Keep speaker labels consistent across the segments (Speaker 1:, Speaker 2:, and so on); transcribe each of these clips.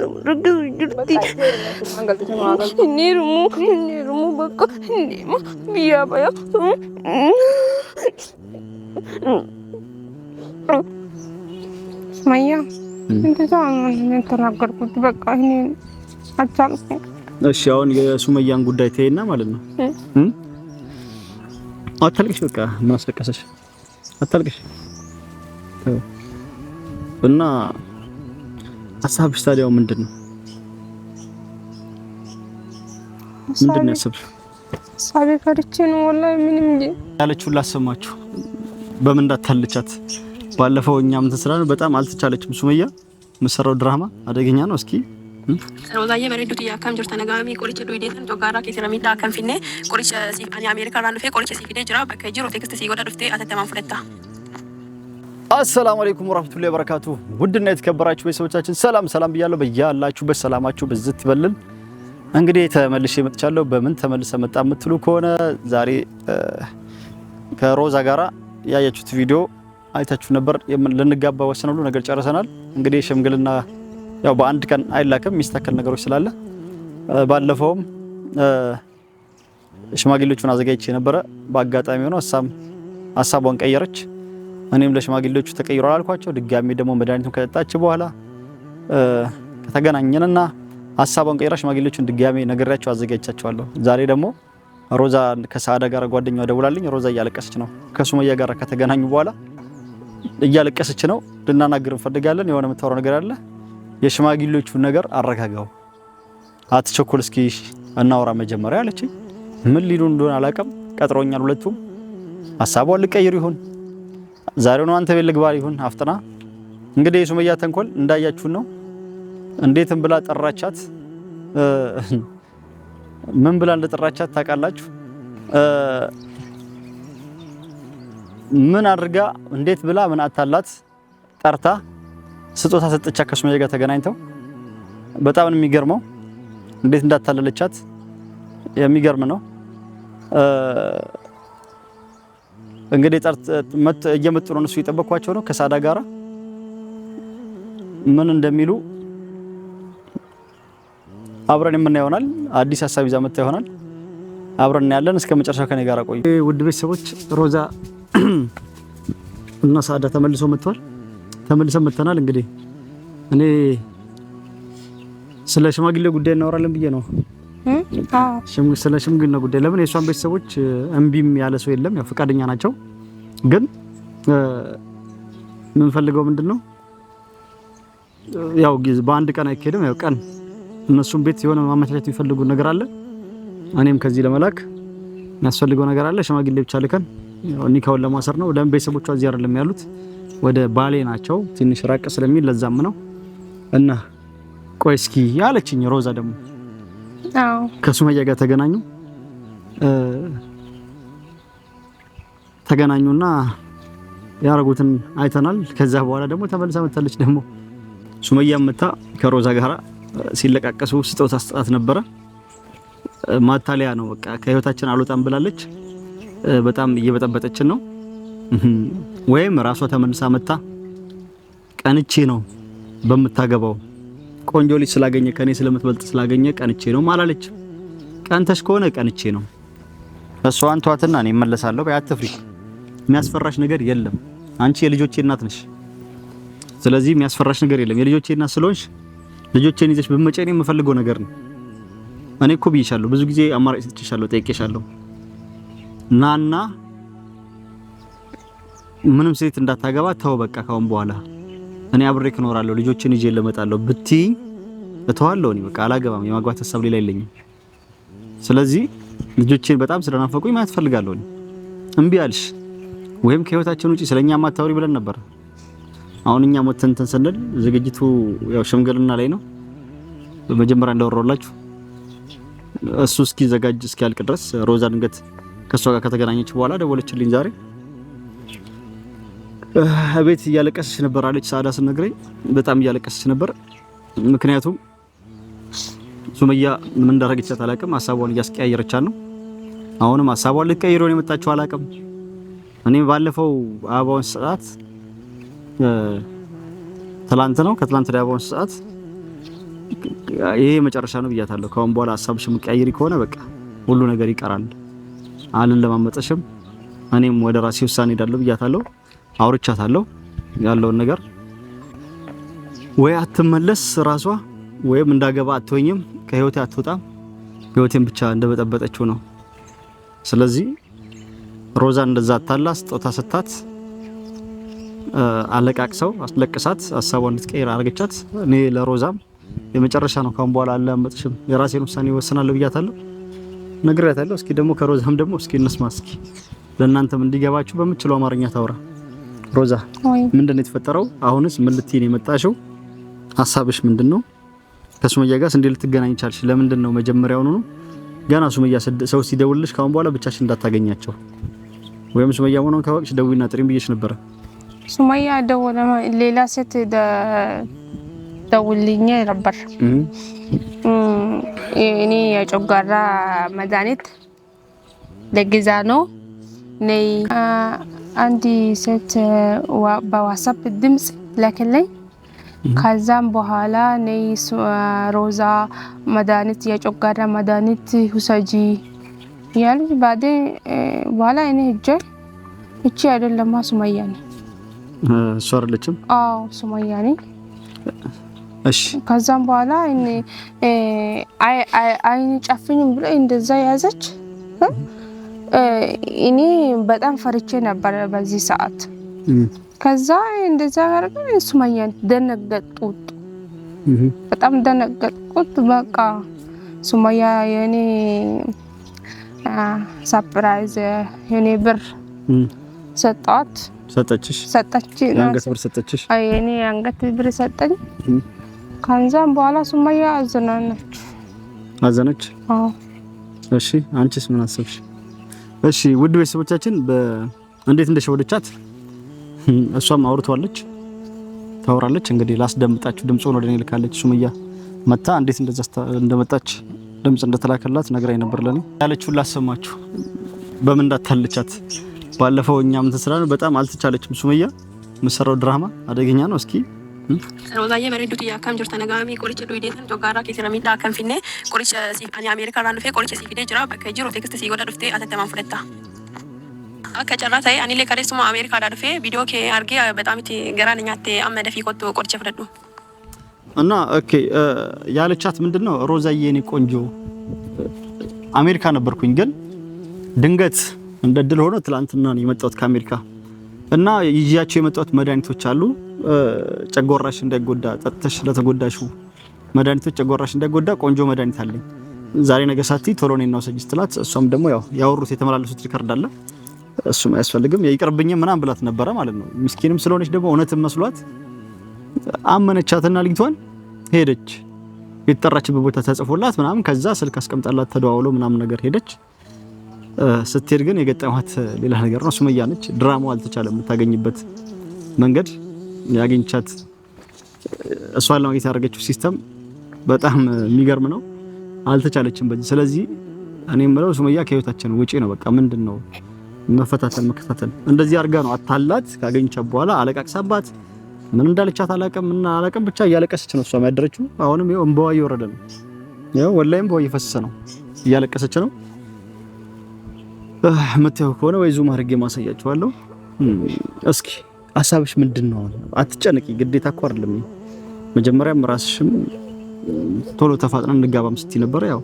Speaker 1: നമ്മൾക്ക് വീടെടുത്തി എന്നെ റൂമു എന്നെ റൂമു ബക്കോ എന്നെ വ്യാപയോ മയ്യ انت تعمل انت رجل كنت بقى هنا አታልኩም።
Speaker 2: እሺ አሁን የሱመያን ጉዳይ ተይና ማለት ነው። አታልቅሽ፣ በቃ ምን አስለቀሰሽ? አታልቅሽ እና ሀሳብሽ ታዲያው ምንድን ነው? ምንድን ነው ያሰብሽው?
Speaker 1: ሀሳቤ ፈርቼ ነው ወላሂ። ምንም እንጂ
Speaker 2: ያለችው ላሰማችሁ በምን እንዳታለቻት። ባለፈው እኛም ተስራ ነው? በጣም አልተቻለችም። ሱመያ የምትሰራው ድራማ አደገኛ ነው። እስኪ
Speaker 3: ሮዛዬ በሬዱት ያካም ጅርተ ነጋሚ ቆሪቸ ዱይዴተን ጆጋራ ኬሰረሚ ዳከን ፊኔ ቆሪቸ ሲፋኒ አሜሪካ ራንፌ ቆሪቸ ሲፊዴ ጅራ በከጅሮ ቴክስት ሲጎዳ ዱፍቴ አተተማን ፍለታ
Speaker 2: አሰላሙ አለይኩም ወራህመቱላሂ ወበረካቱ። ውድና የተከበራችሁ ቤተሰቦቻችን ሰላም ሰላም ብያለሁ። በያላችሁበት ሰላማችሁ ብዝት ይበልል። እንግዲህ ተመልሼ መጥቻለሁ። በምን ተመልሰ መጣ የምትሉ ከሆነ ዛሬ ከሮዛ ጋራ ያያችሁት ቪዲዮ አይታችሁ ነበር። ልንጋባ ወሰን ሁሉ ነገር ጨርሰናል። እንግዲህ ሽምግልና ያው በአንድ ቀን አይላክም፣ የሚስተካከል ነገሮች ስላለ ባለፈውም ሽማግሌዎቹን አዘጋጅቼ ነበረ። በአጋጣሚ ሆኖ ሀሳቧን ቀየረች። እኔም ለሽማግሌዎቹ ተቀይሯል አልኳቸው። ድጋሜ ደግሞ መድኃኒቱን ከጠጣች በኋላ ከተገናኘንና ሀሳቧን ቀይራ ሽማግሌዎቹን ድጋሜ ነግሬያቸው አዘጋጅቻቸዋለሁ። ዛሬ ደግሞ ሮዛ ከሳዳ ጋር ጓደኛዋ ደውላልኝ፣ ሮዛ እያለቀሰች ነው። ከሱመያ ጋር ከተገናኙ በኋላ እያለቀሰች ነው። ልናናግር እንፈልጋለን። የሆነ የምታወራው ነገር አለ። የሽማግሌዎቹን ነገር አረጋጋው፣ አትቸኩል፣ እስኪ እናወራ መጀመሪያ አለችኝ። ምን ሊሉ እንደሆነ አላውቅም። ቀጥሮኛል። ሁለቱም ሀሳቧን ልቀይሩ ይሆን ዛሬው ነው አንተ ቤት ልግባ ይሁን አፍጥና። እንግዲህ የሱመያ ተንኮል እንዳያችሁ ነው። እንዴትም ብላ ጠራቻት። ምን ብላ እንደጠራቻት ታውቃላችሁ? ምን አድርጋ እንዴት ብላ ምን አታላት ጠርታ ስጦታ ሰጠቻት ከሱመያ ጋር ተገናኝተው በጣም ነው የሚገርመው። እንዴት እንዳታለለቻት የሚገርም ነው። እንግዲህ ጠርት እየመጡ ነው። እነሱ እየጠበቅኳቸው ነው። ከሳዳ ጋራ ምን እንደሚሉ አብረን የምና ይሆናል። አዲስ ሀሳብ ይዛ መጣ ይሆናል። አብረን ያለን እስከ መጨረሻው ከኔ ጋር ቆዩ። ውድ ቤተሰቦች ሮዛ እና ሳዳ ተመልሶ መጥቷል። ተመልሰን መጥተናል። እንግዲህ እኔ ስለ ሽማግሌ ጉዳይ እናወራለን ብዬ ነው ስለ ሽምግልና ጉዳይ ለምን የእሷን ቤተሰቦች እምቢም ያለ ሰው የለም፣ ያው ፈቃደኛ ናቸው። ግን የምንፈልገው ምንድን ነው ያው በአንድ ቀን አይካሄድም። ያው ቀን እነሱም ቤት የሆነ ማመቻቸት የሚፈልጉ ነገር አለ። እኔም ከዚህ ለመላክ የሚያስፈልገው ነገር አለ። ሽማግሌ ብቻ ልከን ኒካውን ለማሰር ነው። ለምን ቤተሰቦቿ እዚህ አይደለም ያሉት፣ ወደ ባሌ ናቸው። ትንሽ ራቅ ስለሚል ለዛም ነው እና ቆይ እስኪ ያለችኝ ሮዛ ደግሞ ከሱመያ ጋር ተገናኙ ተገናኙና ያረጉትን አይተናል። ከዛ በኋላ ደግሞ ተመልሳ መታለች። ደግሞ ሱመያ መታ ከሮዛ ጋራ ሲለቃቀሱ ስጦታ አስጣት ነበረ። ማታለያ ነው በቃ ከህይወታችን አልወጣም ብላለች። በጣም እየበጠበጠችን ነው። ወይም ራሷ ተመልሳ መታ ቀንቼ ነው በምታገባው ቆንጆ ልጅ ስላገኘ ከኔ ስለምትበልጥ ስላገኘ ቀንቼ ነው ማላለች። ቀንተሽ ከሆነ ቀንቼ ነው እሷን ቷትና እኔ እመለሳለሁ። በይ አትፍሪ፣ የሚያስፈራሽ ነገር የለም። አንቺ የልጆቼ እናት ነሽ። ስለዚህ የሚያስፈራሽ ነገር የለም። የልጆቼ እናት ስለሆንሽ ልጆቼን ይዘሽ ብትመጪ እኔ የምፈልገው ነገር ነው። እኔ እኮ ብዬሻለሁ፣ ብዙ ጊዜ አማራጭ ሰጥቼሻለሁ፣ ጠይቄሻለሁ። ናና ምንም ሴት እንዳታገባ ተው፣ በቃ ካሁን በኋላ እኔ አብሬክ እኖራለሁ ልጆችን ይዤ ለመጣለሁ ብትይኝ እተዋለሁ። እኔ በቃ አላገባም፣ የማግባት ሀሳብ ሌላ የለኝም። ስለዚህ ልጆችን በጣም ስለናፈቁኝ ማየት ፈልጋለሁ። እኔ እምቢ አልሽ ወይም ከህይወታችን ውጪ ስለኛ ማታወሪ ብለን ነበር። አሁን እኛ ሞተን እንትን ስንል ዝግጅቱ ያው ሽምግልና ላይ ነው። በመጀመሪያ እንዳወራሁላችሁ እሱ እስኪዘጋጅ እስኪያልቅ ድረስ ሮዛ ድንገት ከእሷ ጋር ከተገናኘች በኋላ ደወለችልኝ ዛሬ ቤት እያለቀሰች ነበር አለች ሳዳ ስነግረኝ። በጣም እያለቀሰች ነበር። ምክንያቱም ሱመያ ምን እንዳረገቻት አላውቅም። ሀሳቧን እያስቀያየረቻት ነው። አሁንም ሀሳቧን ልትቀይረው ነው የመጣችው አላውቅም። እኔ ባለፈው አበባውን ሰዓት ትላንት ነው ከትላንት ወዲያ አበባውን ሰዓት ይሄ መጨረሻ ነው ብያታለሁ። ከአሁን በኋላ ሀሳብሽ የምትቀያይሪ ከሆነ በቃ ሁሉ ነገር ይቀራል። አልን ለማመጠሽም እኔም ወደ ራሴ ውሳኔ ሄዳለሁ ብያታለሁ። አውርቻታለሁ ያለውን ነገር ወይ አትመለስ ራሷ ወይም እንዳገባ አትወኝም ከህይወቴ አትወጣም፣ ህይወቴን ብቻ እንደበጠበጠችው ነው። ስለዚህ ሮዛ እንደዛ አታላ ስጦታ ሰጣት፣ አለቃቅሰው አስለቅሳት፣ ሀሳቧ እንድትቀይር አርግቻት እኔ ለሮዛም የመጨረሻ ነው ካሁን በኋላ አላመጥሽም፣ የራሴን ውሳኔ እወስናለሁ ብያታለሁ፣ ነግሬያታለሁ። እስኪ ደግሞ ከሮዛም ደግሞ እስኪ እንስማ፣ እስኪ ለእናንተም እንዲገባችሁ በምችለው አማርኛ ታውራ። ሮዛ ምንድን ነው የተፈጠረው? አሁንስ ምን ልትይ ነው የመጣሽው? ሀሳብሽ ምንድን ነው? ከሱመያ ጋርስ እንዴት ልትገናኝ ቻልሽ? ለምንድን ነው መጀመሪያውኑ ነው ገና ሱመያ ሰው ሲደውልሽ ካሁን በኋላ ብቻሽን እንዳታገኛቸው ወይም ሱመያ ሆኖ ካወቅሽ ደውይና ጥሪም ብዬሽ ነበረ።
Speaker 1: ሱመያ ደወለ ሌላ ሴት ደውልኝ ነበር። እኔ የጨጓራ መድኃኒት ለግዛ ነው ነይ አንድ ሴት በዋትሳፕ ድምጽ ላከልኝ። ከዛም በኋላ ነይ ሮዛ መድኃኒት የጨጓራ መድኃኒት ሁሰጂ ያሉ ባደ በኋላ እኔ ሄጄ እቺ አይደለማ ሱመያ ነኝ ሶርልችም አዎ ሱመያ ነኝ። እሺ ከዛም በኋላ አይን ጨፍኝም ብሎ እንደዛ ያዘች። እኔ በጣም ፈርቼ ነበረ በዚህ ሰዓት። ከዛ እንደዛ ያደርገን ሱመያን ደነገጡት፣ በጣም ደነገጥኩት። በቃ ሱመያ የኔ ሰፕራይዝ የኔ ብር ሰጣት፣ ሰጠችሽ፣ ሰጠች፣
Speaker 2: የአንገት ብር ሰጠችሽ፣
Speaker 1: የኔ አንገት ብር ሰጠኝ። ከዛም በኋላ ሱመያ አዘናነች፣
Speaker 2: አዘነች። እሺ አንቺስ ምን አሰብሽ? እሺ ውድ ቤተሰቦቻችን እንዴት እንደሸወደቻት እሷም አውርቷለች፣ ታወራለች። እንግዲህ ላስደምጣችሁ ድምፁን ወደ እኔ ልካለች። ሱምያ መታ እንዴት እንደዛ እንደመጣች ድምፅ እንደተላከላት ነግራኝ ነበር። ለኔ ያለችውን ላሰማችሁ በምን እንዳታለቻት። ባለፈው እኛ ምን ተስራ ነው በጣም አልተቻለችም። ሱምያ የምትሰራው ድራማ አደገኛ ነው። እስኪ
Speaker 3: ሮዛዬ በሬዱት እያካም ጅርተ ነጋሚ ቆሪቸ ዱዴተን ጆጋራ ኬሰረሚዳ ከንፊኔ ቆሪቸ ሲፋኒ አሜሪካ ራን ዱፌ ቆሪቸ ሲፊዴ ጅራ በከጅሮ ቴክስት ሲጎዳ ዱፍቴ አተተማን ፍለታ አከ ጨራ ታይ አኒሌ አሜሪካ ዳ ዱፌ ቪዲዮ ኬ አርጌ በጣም ቲ ገራን ኛቴ አመደፊ ቆቶ ቆሪቸ ፍለዱ
Speaker 2: እና ኦኬ ያለቻት ምንድነው ሮዛዬ የኔ ቆንጆ አሜሪካ ነበርኩኝ ግን ድንገት እንደ ድል ሆኖ ትላንትና ነው የመጣሁት ከአሜሪካ እና ይዣቸው የመጣሁት መድኃኒቶች አሉ። ጨጓራሽ እንዳይጎዳ ጠጥተሽ ለተጎዳሹ መድኃኒቶች ጨጓራሽ እንዳይጎዳ ቆንጆ መድኃኒት አለኝ ዛሬ ነገ ሳቲ ቶሎ ነው ሰጅ ስትላት፣ እሷም ደግሞ ያው ያወሩት የተመላለሱት ሪከርድ አለ እሱም አያስፈልግም ይቅርብኝም ምናምን ብላት ነበረ ማለት ነው። ምስኪንም ስለሆነች ደግሞ እውነትም መስሏት አመነቻትና ልጅቷን ሄደች የተጠራችበት ቦታ ተጽፎላት ምናምን ከዛ ስልክ አስቀምጣላት ተደዋውሎ ምናምን ነገር ሄደች። ስትሄድ ግን የገጠማት ሌላ ነገር ነው። ሱመያ ነች። ድራማው አልተቻለም። የምታገኝበት መንገድ ያገኝቻት እሷን ለማግኘት ያደረገችው ሲስተም በጣም የሚገርም ነው። አልተቻለችም በዚህ። ስለዚህ እኔ የምለው ሱመያ ከህይወታችን ውጪ ነው። በቃ ምንድን ነው መፈታተን መከታተን እንደዚህ አድርጋ ነው አታላት። ካገኘቻት በኋላ አለቃቅሳባት ምን እንዳለቻት አላውቅም እና አላውቅም ብቻ እያለቀሰች ነው እሷ ያደረችው። አሁንም ይኸው እንባዋ እየወረደ ነው። ይኸው ወላይም በዋ እየፈሰሰ ነው፣ እያለቀሰች ነው። መታየው ከሆነ ወይ ዙም አድርጌ ማሳያችኋለሁ። እስኪ ሀሳብሽ ምንድን ነው? አትጨነቂ፣ ግዴታ እኮ አይደለም። መጀመሪያም ራስሽም ቶሎ ተፋጥነን እንጋባም ስትይ ነበር። ያው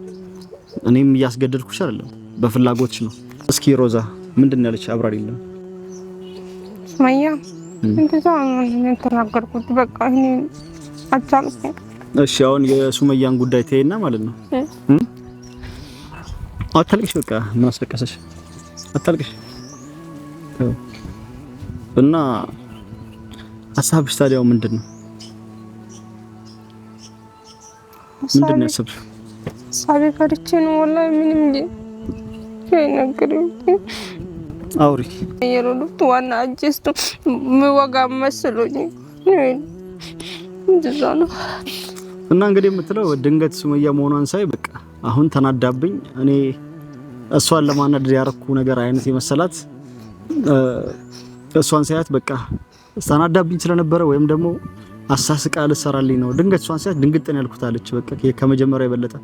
Speaker 2: እኔም እያስገደድኩሽ አይደለም፣ በፍላጎትሽ ነው። እስኪ ሮዛ ምንድን ነው ያለች? አብራሪ የለም
Speaker 1: ማያ እንደዛ ተናገርኩት። በቃ እኔ አጫምኝ።
Speaker 2: እሺ አሁን የሱመያን ጉዳይ ተይና ማለት ነው። አታልቅሽ። በቃ ምን አስለቀሰሽ? አታልቅሽ እና ሀሳብሽ ታዲያው ምንድን ነው? ምንድን ነው ያሰብሽ?
Speaker 1: ሀሳቤ ከርቼ ነው ወላሂ ምንም እንጂ ነገር አውሪ የሮዱት ዋና አጀስቱ ምወጋ መስሎኝ እንደዛ ነው።
Speaker 2: እና እንግዲህ የምትለው ድንገት ሱመያ መሆኗን ሳይ በቃ አሁን ተናዳብኝ እኔ እሷን ለማናደድ ያረኩ ነገር አይነት የመሰላት እሷን ሳያት በቃ ስታናዳብኝ ስለነበረ ወይም ደግሞ አሳስቃ ልትሰራልኝ ነው። ድንገት እሷን ሳያት ድንግጥ ነው በቃ ከመጀመሪያ የበለጠ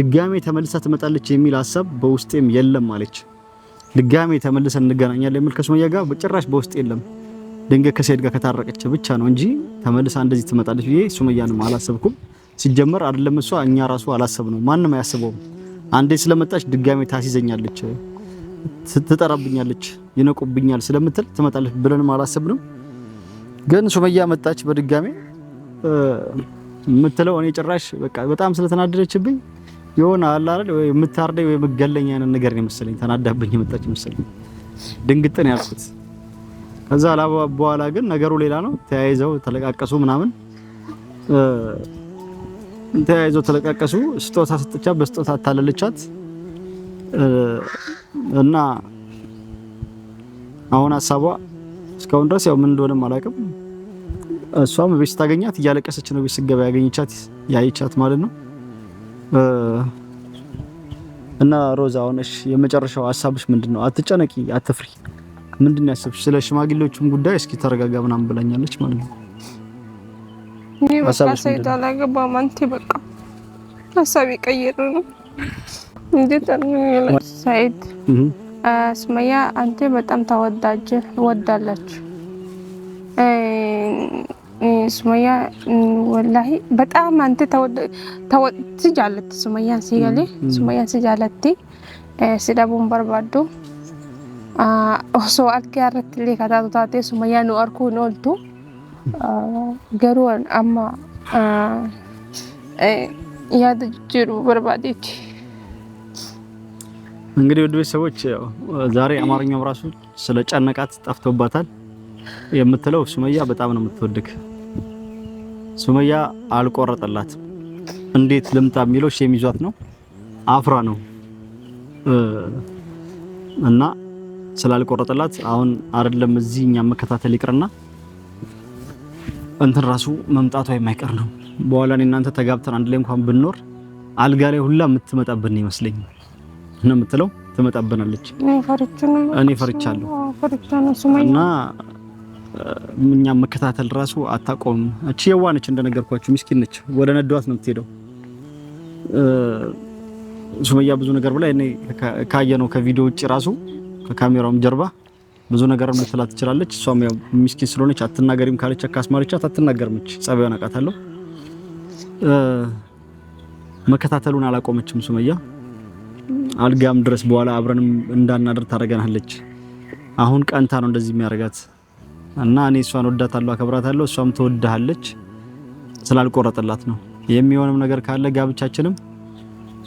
Speaker 2: ድጋሜ ተመልሳ ትመጣለች የሚል ሀሳብ በውስጤም የለም አለች። ድጋሜ ተመልሰን እንገናኛለን የሚል ከሱመያ ጋር በጭራሽ በውስጥ የለም። ድንገት ከሰይድ ጋር ከታረቀች ብቻ ነው እንጂ ተመልሳ እንደዚህ ትመጣለች ብዬ ሱመያንም አላሰብኩም። ሲጀመር አይደለም እሷ እኛ ራሱ አላሰብ ነው ማንም አያስበውም። አንዴ ስለመጣች ድጋሜ ታስይዘኛለች፣ ትጠራብኛለች፣ ይነቁብኛል ስለምትል ትመጣለች ብለን አላሰብንም። ግን ሱመያ መጣች በድጋሜ የምትለው እኔ ጭራሽ በቃ በጣም ስለተናደደችብኝ የሆነ አለ አይደል ወይ የምታርደኝ ወይ የምገለኝ አይነት ነገር ነው መሰለኝ። ተናዳብኝ የመጣች መሰለኝ ድንግጥን ያልኩት። ከዛ በኋላ ግን ነገሩ ሌላ ነው። ተያይዘው ተለቃቀሱ ምናምን ተያይዞ ተለቃቀሱ። ስጦታ ሰጥቻት፣ በስጦታ አታለለቻት እና አሁን ሀሳቧ እስካሁን ድረስ ያው ምን እንደሆነም አላውቅም። እሷም ቤት ስታገኛት እያለቀሰች ነው። ቤት ስገባ ያገኘቻት ያየቻት ማለት ነው። እና ሮዛ አሁን እሺ፣ የመጨረሻው ሀሳብሽ ምንድን ነው? አትጨነቂ፣ አትፍሪ። ምንድን ነው ያሰብሽ? ስለ ሽማግሌዎችም ጉዳይ እስኪ ተረጋጋ ምናምን ብላኛለች ማለት ነው።
Speaker 1: እኔ በቃ ሰይድ አላገባም። አንተ በቃ ሀሳብ ይቀይር ነው እንዴ? ሰይድ ሱመያ አንተ በጣም ተወዳጅ ወዳለች ሱመያ ወላሂ በጣም አንተ ትጃለት ሱመያን ሲገሌ ሱመያን ሲጃለቲ ሲዳቡን በርባዱ ሶ አልጋረት ሌ ከታቶታቴ ሱመያ ኑ አርኩ ንወልቱ garuu amma yaada jijjiiru barbaadeeti።
Speaker 2: እንግዲህ ውድ ቤተሰቦች ዛሬ አማርኛው ራሱ ስለ ጨነቃት ጠፍቶባታል። የምትለው ሱመያ በጣም ነው የምትወድክ። ሱመያ አልቆረጠላት እንዴት ልምጣ የሚለው የሚዟት ነው አፍራ ነው እና ስላልቆረጠላት አሁን አይደለም እዚህ እኛ መከታተል ይቅርና እንትን ራሱ መምጣቱ የማይቀር ነው። በኋላ እኔ እናንተ ተጋብተን አንድ ላይ እንኳን ብንኖር አልጋ ላይ ሁላ የምትመጣብን ይመስለኝ እና የምትለው ትመጣብናለች። እኔ ፈርቻለሁ እና እኛም መከታተል ራሱ አታቆምም። እቺ የዋነች እንደነገርኳችሁ ምስኪን ነች። ወደ ነዷት ነው የምትሄደው። ሱመያ ብዙ ነገር ብላ እኔ ካየነው ከቪዲዮ ውጭ ራሱ ከካሜራውም ጀርባ ብዙ ነገር ልትላት ትችላለች። እሷም ያው ምስኪን ስለሆነች አትናገሪም ካለች ካስማረቻት አትናገርምች ጸባዩን አውቃታለሁ። መከታተሉን አላቆመችም። ሱመያ አልጋም ድረስ በኋላ አብረንም እንዳናደር ታደርገናለች። አሁን ቀንታ ነው እንደዚህ የሚያደርጋት እና እኔ እሷን ወዳታለሁ፣ አከብራታለሁ። እሷም ትወዳሃለች ስላልቆረጠላት ነው። የሚሆንም ነገር ካለ ጋብቻችንም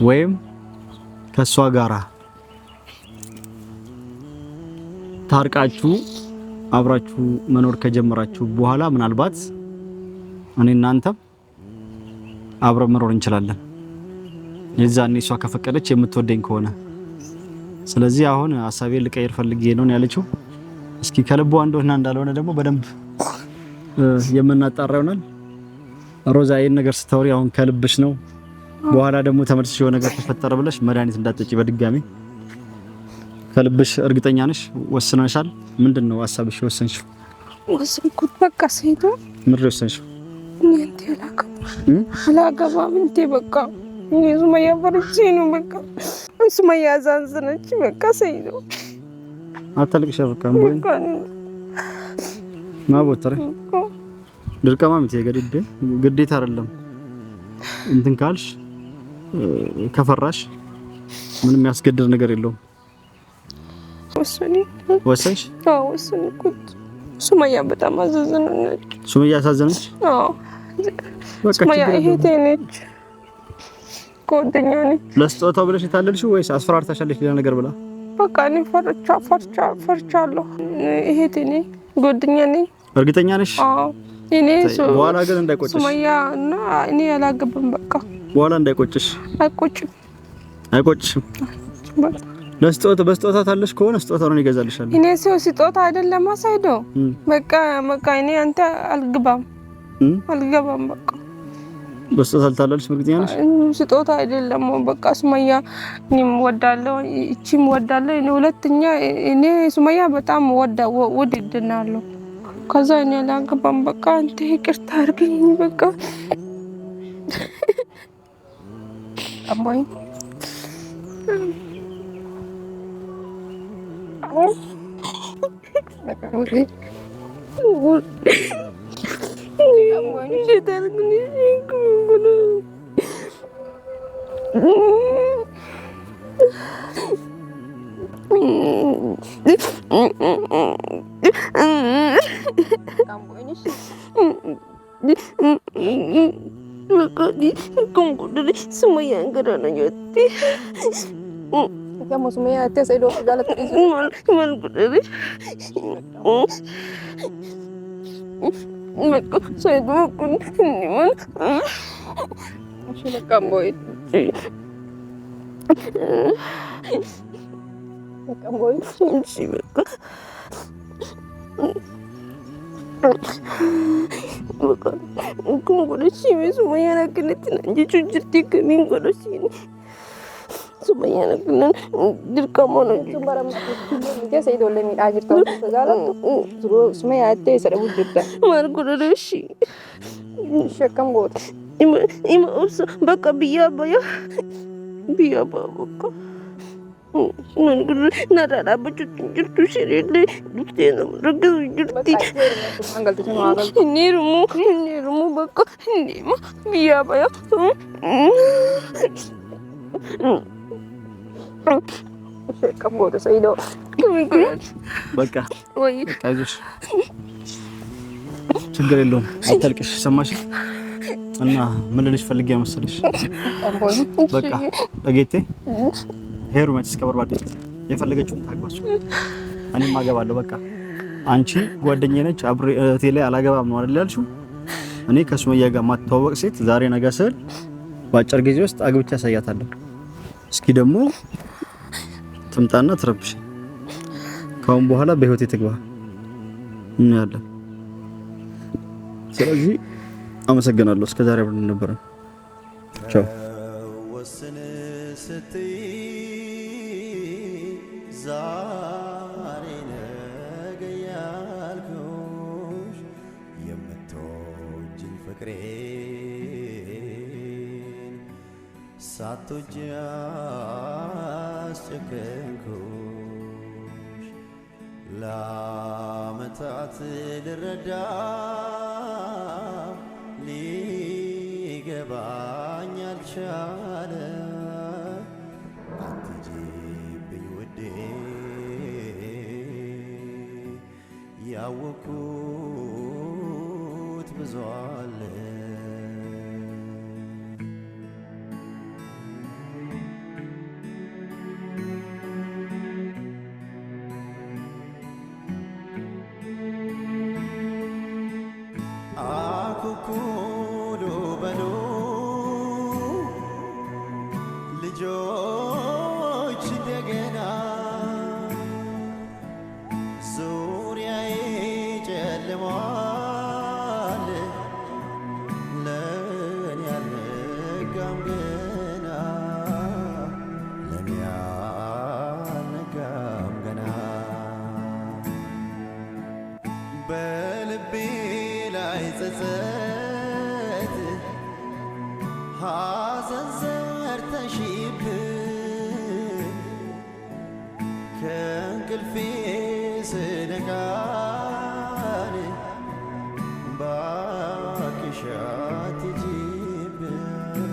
Speaker 2: ወይም ከእሷ ጋራ ታርቃችሁ አብራችሁ መኖር ከጀመራችሁ በኋላ ምናልባት እኔ እናንተም አብረን መኖር እንችላለን። የዛኔ እሷ ከፈቀደች የምትወደኝ ከሆነ ስለዚህ አሁን አሳቤ ልቀይር ፈልጌ ነው ያለችው። እስኪ ከልቧ እንደሆነ እንዳልሆነ ደግሞ በደንብ የምናጣራ ይሆናል። ሮዛ ይሄን ነገር ስታወሪ አሁን ከልብሽ ነው፣ በኋላ ደግሞ ተመልሰሽ የሆነ ነገር ተፈጠረ ብለሽ መድኃኒት እንዳጠጪ በድጋሚ ከልብሽ እርግጠኛ ነሽ? ወስነሻል? ምንድን ነው ሀሳብሽ? ወሰንሽው?
Speaker 1: ወሰንኩት በቃ ሰይዱ። ምንድን ነው ወሰንሽው? እኔ እንትን አላገባም በቃ እኔ ሱመያ ፈርቼ ነው በቃ ሱመያ አዛንዝነች በቃ ሰይዱ።
Speaker 2: አታልቅሽ በቃ ማቦተረ ድርቀማ ምት የገድድ ግዴታ አይደለም እንትን ካልሽ ከፈራሽ ምንም ያስገድድ ነገር የለውም። ወሰኔ ወሰንሽ?
Speaker 1: አዎ ወሰንኩት። ሱመያ በጣም አዘዘነች።
Speaker 2: ሱመያ አሳዘነች?
Speaker 1: አዎ ሱመያ እህቴ ነች፣ ጓደኛ ነች።
Speaker 2: ለስጦታው ብለሽ የታለልሽው ወይስ አስፈራርታሻለች ሌላ ነገር ብላ?
Speaker 1: በቃ እኔ ፈርቻ ፈርቻ ፈርቻለሁ። እህቴ ነኝ፣ ጓደኛ ነኝ። እርግጠኛ ነሽ? አዎ እኔ
Speaker 2: በኋላ ግን እንዳይቆጭሽ
Speaker 1: ሱመያ እና እኔ አላገባም። በቃ
Speaker 2: በኋላ እንዳይቆጭሽ። አይቆጭም፣ አይቆጭሽም ለስጦታ በስጦታ ታለሽ ከሆነ ስጦታ ነው ይገዛልሻል።
Speaker 1: እኔ ሰው ስጦታ አይደለም ማሳይዶ በቃ በቃ እኔ አንተ አልግባም አልገባም በቃ
Speaker 2: በስጦታ ልታላለች እርግጠኛ ነሽ?
Speaker 1: ስጦታ አይደለም በቃ ሱመያ እኔም ወዳለሁ እቺም ወዳለሁ እኔ ሁለተኛ እኔ ሱመያ በጣም ወዳ ወድ ይድናለሁ ከዛ እኔ አልገባም በቃ አንተ ይቅርታ አድርገኝ በቃ አምባይ sih. nggak ini sih sih. kamu ini Kamu ini sih kamu ini sih ini di kamu dari semua yang karena nyati mosume yaate saido gaalat mal godhani meko saido kun niman shila kamboy kamboy shi meko Kun godhachii fi suma yaana kanatti naan jechuun jirti kamiin godhachii. Biyya baya. በቃ አይዞሽ፣
Speaker 2: ችግር የለውም አታልቅሽ። ሰማሽ? እና ምን ልልሽ ፈልጌ መሰለሽ፣ በቃ እጌቴ ሄሩ መች እስከበርባዴ የፈለገችውን ታግባሱ፣ እኔም አገባለሁ። በቃ አንቺ ጓደኛዬ ነች አብሬ እህቴ ላይ አላገባም ነው አይደል ያልሽው? እኔ ከሱመያ ጋር ማትተዋወቅ ሴት ዛሬ ነገ ስል በአጭር ጊዜ ውስጥ አግብቼ ያሳያታለሁ። እስኪ ደግሞ ትምጣና ትረብሽ። ካሁን በኋላ በህይወቴ ትግባ እናያለን። ስለዚህ አመሰግናለሁ። እስከዛሬ አብረን ነበር። ቻው። ወስን ስትይ ሳትወጂ አስጨከንኩሽ ለዓመታት ልረዳ ሊገባኝ አልቻለ አትጂብኝ ውዴ ያወኩ ጸጸት ሐዘን ዘርተሽብኝ ከእንቅልፌ ስነቃን ባክሽ አትሂጂብኝ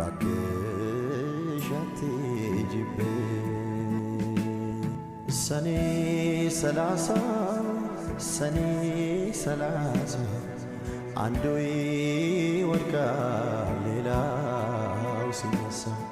Speaker 2: ባክሽ አትሂጂብኝ ሰኔ ሰላሳ ሰኔ ሰላሳ አንዱ ይወድቃል ሌላው ሲነሳ